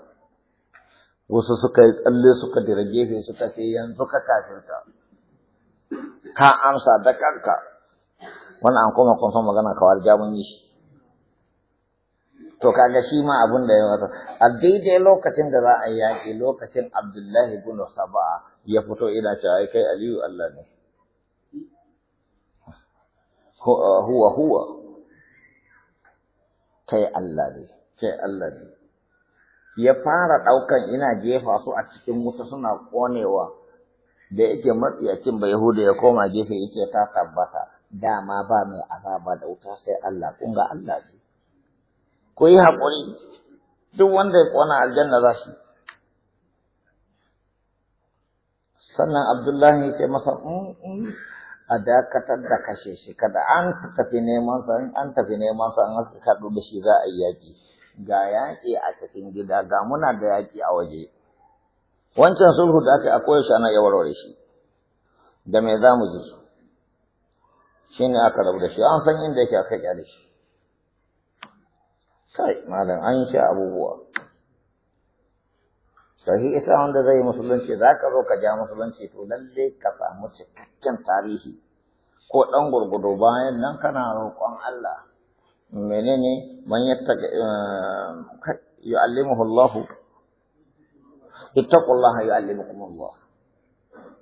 wasu suka yi tsalle suka dira gefe suka ce yanzu ka kafirta ka amsa da kanka wannan an koma kun san magana kawar jamun yi to kaga shi ma abin da ya wata. a daidai lokacin da za a yaƙi lokacin abdullahi bin saba'a ya fito ina cewa kai aliyu allah ne huwa huwa kai Allah ne kai Allah ne ya fara ɗaukan ina jefa su a cikin wuta suna ƙonewa da yake matsiyacin bai Yahuda ya koma gefe yake ta tabbata dama ba mai azaba da wuta sai Allah kun ga Allah ne ku yi haƙuri duk wanda ya ƙona aljanna za shi sannan Abdullahi ya ce masa mm, mm, a dakatar da kashe shi kada an tafi neman sa an tafi neman sa an aka kaɗu da shi za a yi yaki ga yaƙi a cikin gida ga muna da yaki a waje wancan sulhu da aka akwai shi ana yawarware shi da me za mu ji shi ne aka rabu da shi an san inda yake aka kyale shi kai malam an sha abubuwa to isa wanda zai musulunci za ka zo ka ja musulunci to lalle ka samu cikakken tarihi ko ɗan gurgudu bayan nan kana roƙon Allah menene man yattaqi eh, yu'allimuhu Allah ittaqullaha yu'allimukum Allah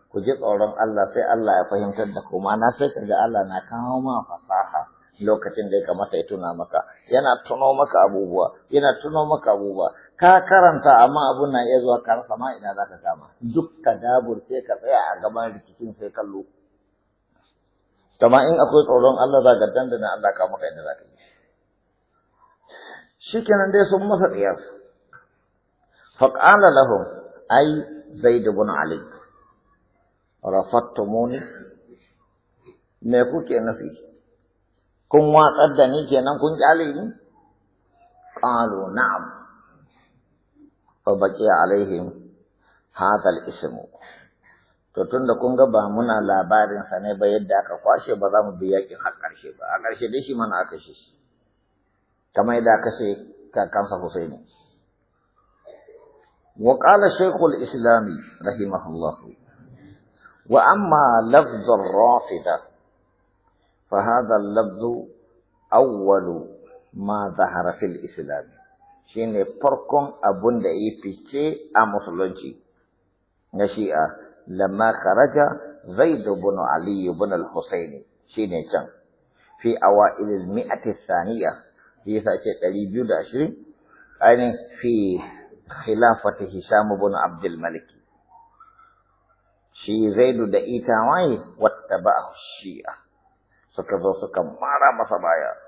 ku ji tsoron Allah sai Allah ya fahimtar da ku na sai ga Allah na kawo ma fasaha lokacin da ya kamata ya tuna maka yana tuno maka abubuwa yana tuno maka abubuwa ka karanta amma abun na iya zuwa ka rasa ma ina za ka kama duk ka daburce ka tsaya a gaban rikicin sai kallo kama in akwai tsoron Allah za ka dandana Allah ka maka inda za ka yi kenan dai sun masa tsiyar faqala lahum ai zaid ibn ali rafattumuni me kuke nufi kun watsar da ni kenan kun kyale ni qalu na'am فبقي alaihim hadal ismu to tunda kun ga ba muna labarin sa ne ba yadda aka kwashe ba za mu bi yakin har karshe ba a karshe dai shi mana aka shi shi kamar yadda aka ce kakansa Husaini وقال شيخ الإسلام رحمه الله وأما لفظ الرافضة فهذا اللفظ أول ما ظهر في الإسلام Shi ne farkon abun da ya fice a musulunci na shi'a lamma Zaidu zaid ibn ali ibn al Shi ne can fi awail al-mi'ati thaniya yasa ce 220 ainin fi khilafati hisham ibn abd al-malik shi zaidu da ita waye wattabahu shi'a suka zo suka mara masa baya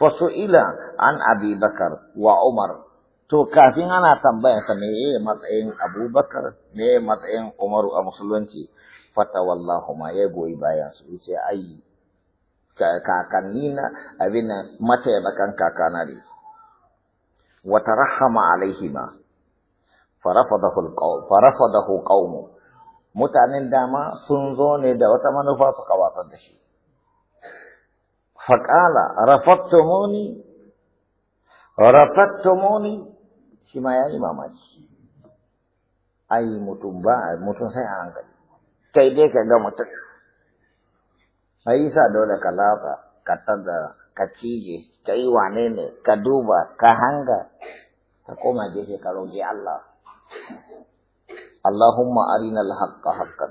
fasu'ila an abi bakar wa umar to kafin ana tambayan sa me matsayin abubakar me matsayin umaru a musulunci wallahu ma ya goyi bayan su yace ai kakanni na abin mataimakan kakana ne wa tarahama alaihima farafadahu alqaw farafadahu qaum mutanen dama sun zo ne da wata manufa su wasar da shi فقال رفضتموني رفضتموني سما يا امام اي متون با متون سي عنك كي دي كي دو متك ايسا دولة كلافة كتدا كتيجي كي وانين كدوبا كهنغا تقوم جيسي كالو الله اللهم أرنا الحق حقا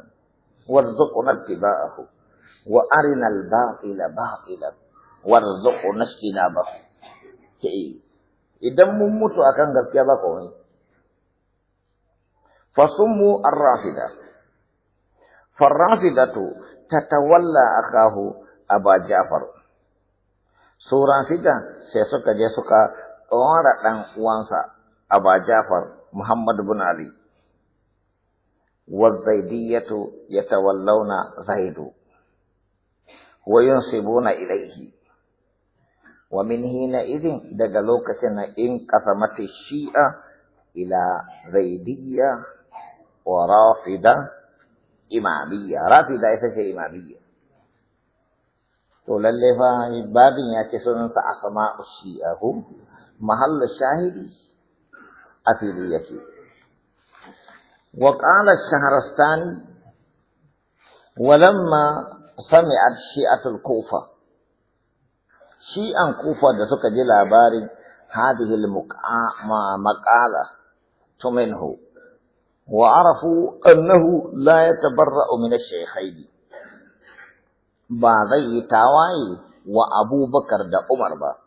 وارزقنا اتباعه وأرنا الباطل باطلا warzuq nasjina ba ke idan mun mutu akan gaskiya ba kawai fasummu ar-rafida farrafidatu tatawalla akahu aba ja'far su rafida sai suka je suka tsora ɗan uwansa aba ja'far muhammad bin ali yatawallawna zaidu زيد وينصبون إليه ومن حينئذ دقا إن انقسمت الشيعة إلى زيدية ورافضة إمامية رافضة إتسي إمامية تولي فباب يكسون أسماء الشيعة هم محل الشاهد أفيدية وقال الشهرستاني ولما سمعت شيعة الكوفة shi an kufa da suka ji labarin hadihil maƙala to minhu wa arafu annahu la yatabarra'u min ash-shaykhayn ba zai yi tawaye wa abubakar da umar ba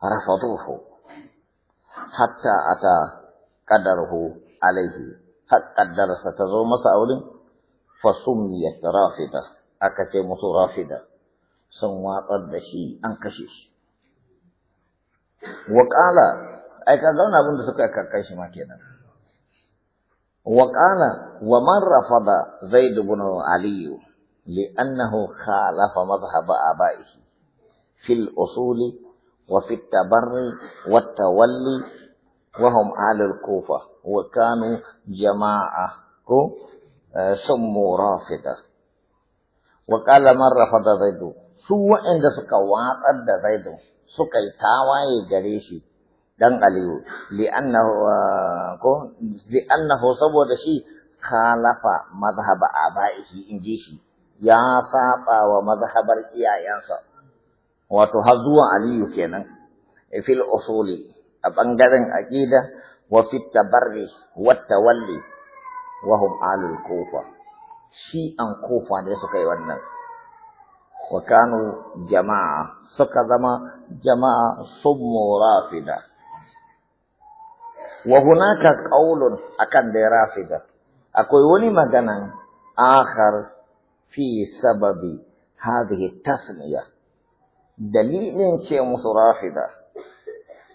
rafaduhu hatta ata qadarhu alaihi har qaddarsa ta zo masa a wurin fasumiyat rafida aka ce musu rafida sun watsar da shi an kashe shi waƙala ai ka zauna abin da suka karkashi ma kenan waƙala wa man rafada zaid ibn ali li annahu khalafa madhhab abaihi fil لأنه خالف مذهب آبائه في الأصول وفي التبري والتولي kufa wa kanu وكانوا ko sumu rafida وقال من رفض زيد su waɗanda suka watsar da zaidu suka yi tawaye gare shi dan aliyu li'annahu uh, saboda shi kalafa mazhaba abaihi inji shi ya saba wa mazhabar iyayensa wato har zuwa aliyu kenan fil usuli a bangaren aƙida wa fit tabarri wa tawalli wa hum alul kufa shi an kufa ne suka yi wannan wa kanu jama'a suka zama jama'a summu rafida wa hunaka qaulun akan da rafida akwai wani maganan akhar fi sababi hadhihi tasmiya dalilin ce musu rafida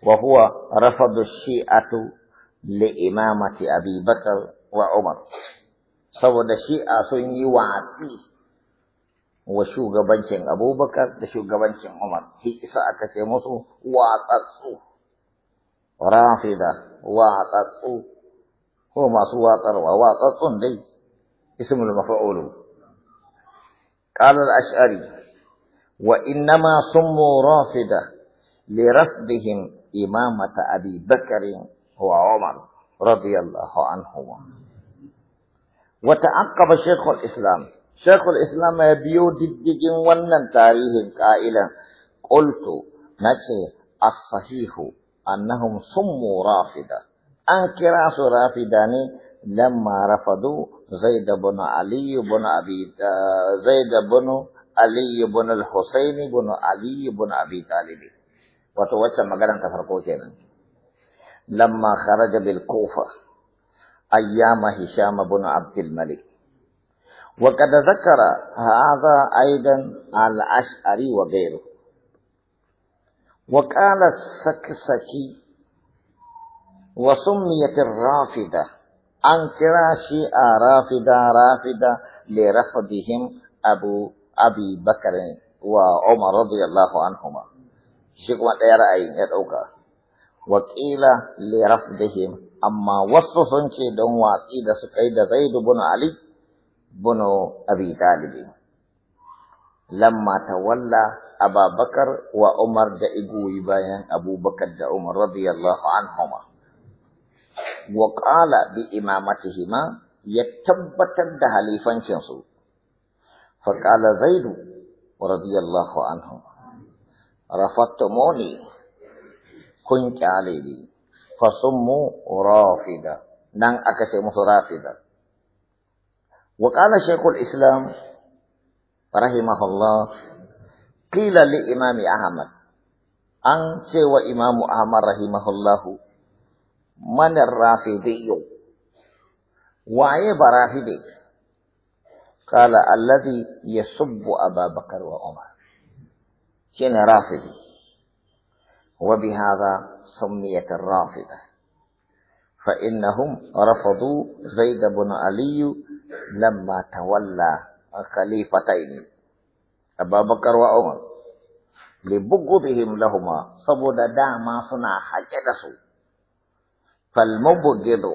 wa huwa rafadu shi'atu li imamati abi wa umar saboda shi'a sun yi watsi wa shugabancin abubakar da shugabancin umar shi isa aka ce musu watsatsu rafida watsatsu ko masu watsarwa watsatsun dai ismul mafa'ulu قال الأشعري وإنما سموا رافدة لرفضهم إمامة أبي بكر وعمر رضي الله عنهما وتعقب شيخ الإسلام شيخ الإسلام يبيود الدين ونن تاريخ قائلا قلت نجي الصحيح أنهم صموا رافدة أنكر رافداني لما رفضوا زيد بن علي بن أبي آه، زيد بن علي بن الحسين بن علي بن أبي طالب وتوجه مقرن تفرقوكين لما خرج بالكوفة أيام هشام بن عبد الملك وقد ذكر هذا أيضا الأشعري وغيره وقال السكسكي وسميت الرافدة أنكرا شيء رافدة رافدة لرفضهم أبو أبي بكر وعمر رضي الله عنهما شكوى رأي يدعوك وقيل لرفضهم أما وصف شيء دون وعقيدة سكيد زيد بن علي بنو أبي طالب لما تولى أبا بكر وعمر ايغوي بيان أبو بكر عمر رضي الله عنهما وقال بإمامتهما يتبتد حليفا شنسو فقال زيد رضي الله عنه رفضتموني كنت علي فصموا رافدا نان نعم، أكسي رافدا وقال شيخ الإسلام رحمه الله قيل لإمام أحمد أن سوى إمام أحمد رحمه الله من الرافضي وعيب رافضي قال الذي يسب أبا بكر وعمر كان رافضي وبهذا سميت الرافضة فإنهم رفضوا زيد بن علي لما تولى خليفتين أبا بكر وعمر لبغضهم لهما صبود داما صنع حجدسو فالمبغض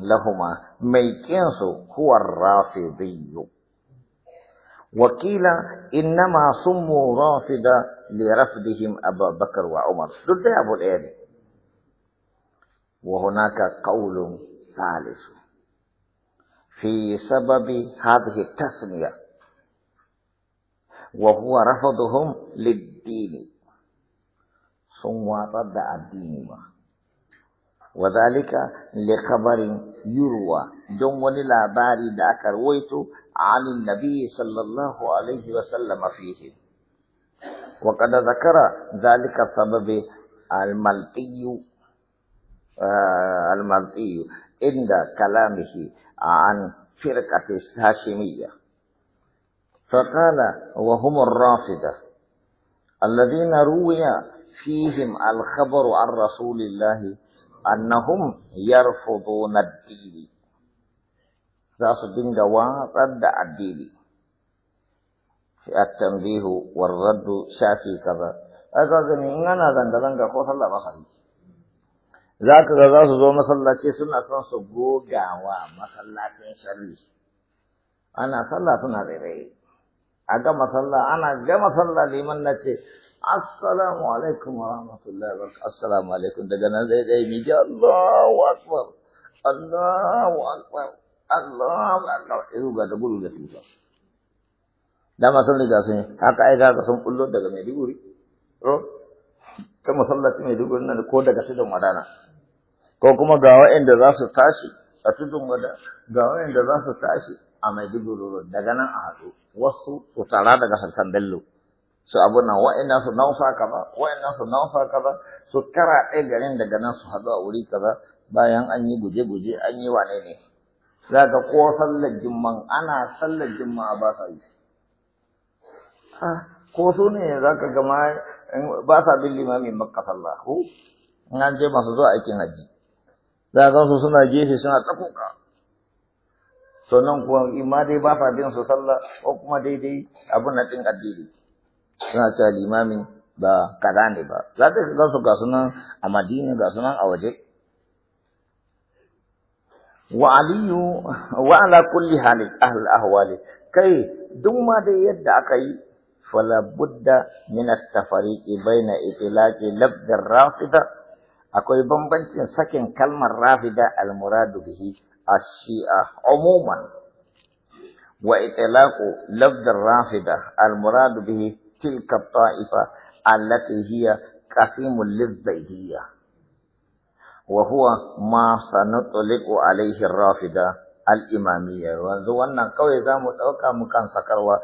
لهما ميكنس هو الرافضي وقيل إنما سموا رافضة لرفضهم أبا بكر وعمر ضد أبو الأيدي وهناك قول ثالث في سبب هذه التسمية وهو رفضهم للدين ثم رد الدين وذلك لخبر يروى دون باري داك رويت عن النبي صلى الله عليه وسلم فيه وقد ذكر ذلك السبب الملقي آه الملقي عند كلامه عن فرقة الهاشمية فقال وهم الرافدة الذين روي فيهم الخبر عن رسول الله أنهم يرفضون الدين ذات الدين صدق رد الدين في التنبيه والرد شافي كذا أجازني إن أنا ذنب ذنب قوة الله بخير za ka ga za su zo masallaci suna son su gogawa masallacin sharri ana sallah suna rairaye a ga masallah ana ga masallah liman na ce assalamu alaikum wa rahmatullahi wa assalamu alaikum daga nan zai zai miji Allahu akbar Allahu akbar Allahu akbar iru ga da da tuta da masallaci ga sun haka ai ga sun kullo daga Maiduguri ko? ta masallaci Maiduguri nan ko daga Sidon Madana ko kuma ga wa'inda za su tashi a tudun wada ga wa'inda za su tashi a Maiduguri daga nan a haɗu wasu su tara daga sarkan Bello su abu nan waɗannan su naufa kaza waɗannan su naufa kaza su kara ɗaya garin daga nan su haɗu a wuri kaza bayan an yi guje-guje an yi wane ne za ka ko sallar jimman ana sallar jimma ba sa yi ah. ko su ne za ka gama ba sa bin limamin makka sallah ko in an je masu zuwa aikin hajji za a su suna jefe suna tsakuka to nan kuwa dai ba fadin su sallah ko kuma daidai abin na ɗin addini suna cewa limamin ba kaza ne ba za ta ga su ga sunan a madina ga sunan a waje wa aliyu wa kulli hali ahl ahwali kai duk ma dai yadda aka yi fala budda min at-tafariqi baina itlaqi labd ar-rafida akwai bambancin sakin kalmar rafida al-muradu bihi ash-shi'a umuman wa itlaqu lafz rafida al-muradu bihi tilka at-ta'ifa allati hiya qasimul lizaydiyya wa huwa ma sanutliqu alayhi ar-rafida al-imamiyya wanzu wannan kawai zamu dauka mu kan sakarwa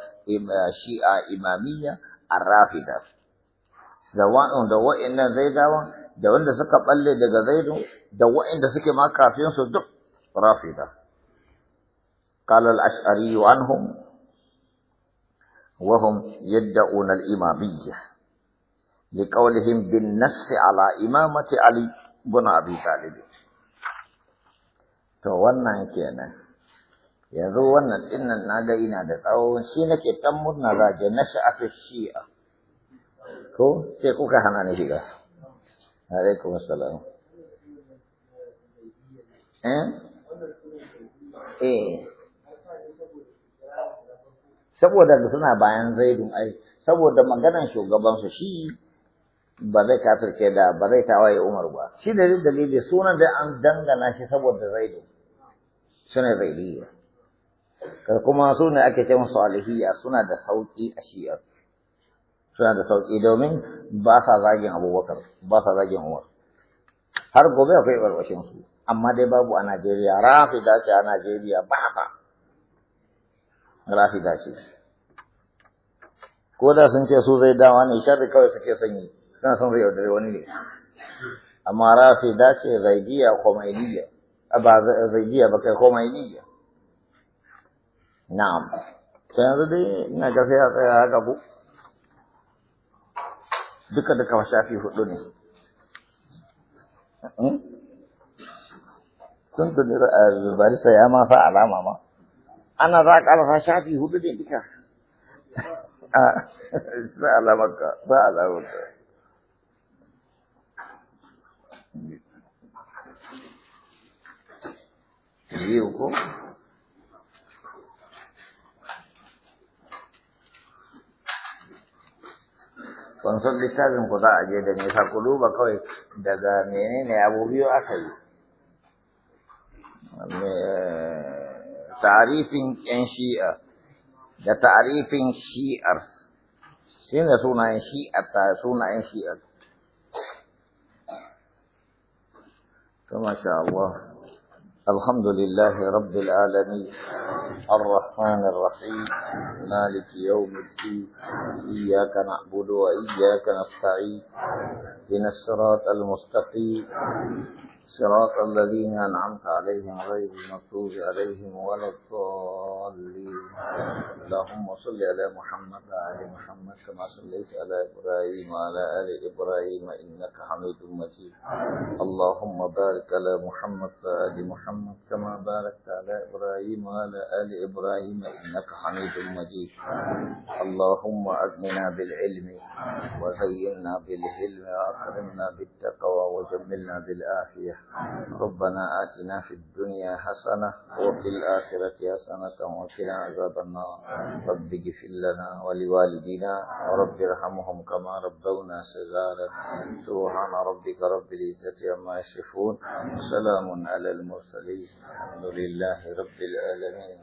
shi'a imamiyya ar-rafida sawa'un da wa'inna zaidawa da wanda suka balle daga zaidu da wa'inda suke ma kafin su duk rafida qala al-ash'ari anhum wa hum yad'un al-imamiyya liqawlihim bin nass ala imamati ali ibn abi talib to wannan kenan yanzu wannan dinnan naga ina da tsawo shi nake dan murna zaje na sha'afi shi'a ko sai kuka hana ni shiga alaikum assalam eh eh saboda suna bayan zaidun ai saboda maganan su shi ba zai kafirce da ba zai tawaye Umar ba shi da dalili sunan da an dangana shi saboda zaidu suna zaidiyya kuma su ne ake ce musu alihiyya suna da sauki a shi'ar suna da sauƙi domin ba sa zagin abubakar ba sa zagin umar har gobe akwai su, amma dai babu a najeriya rafi dace a najeriya ba ba rafi dace ko da sun ce su zai dawa ne sharri kawai suke sanyi suna son zai yaudare wani ne amma rafi dace zaidiya komainiya ba zaidiya ba kai komainiya na'am sai yanzu dai ina gafe a tsaya haka ku duka duka shafi hudu ne hmm? tun tuni eh, barista ya ma sa alama ma ana za ka alfa shafi hudu ne duka [laughs] ah, sa alamarka sa alamarka biyu ko konsol littafin ku za a je da nesa kuluba kawai daga menene abu biyu aka yi tarifin ƴan shi'a da tarifin shi'ar shi ne sunayen shi'ar ta sunayen shi'ar to masha Allah alhamdulillahi rabbil alamin الرحمن الرحيم مالك يوم الدين إياك نعبد وإياك نستعين إن الصراط المستقيم صراط الذين أنعمت عليهم غير المغضوب عليهم ولا الضالين اللهم صل على محمد وعلى محمد كما صليت على إبراهيم وعلى آل إبراهيم إنك حميد مجيد اللهم بارك على محمد وعلى محمد كما باركت على إبراهيم وعلى آل إبراهيم إنك حميد مجيد اللهم أغننا بالعلم وزينا بالعلم وأكرمنا بالتقوى وجملنا بالعافية ربنا آتنا في الدنيا حسنة وفي الآخرة حسنة وقنا عذاب النار رب اغفر لنا ولوالدينا ورب ارحمهم كما ربونا صغارا سبحان ربك رب العزة عما يصفون سلام على المرسلين الحمد لله رب العالمين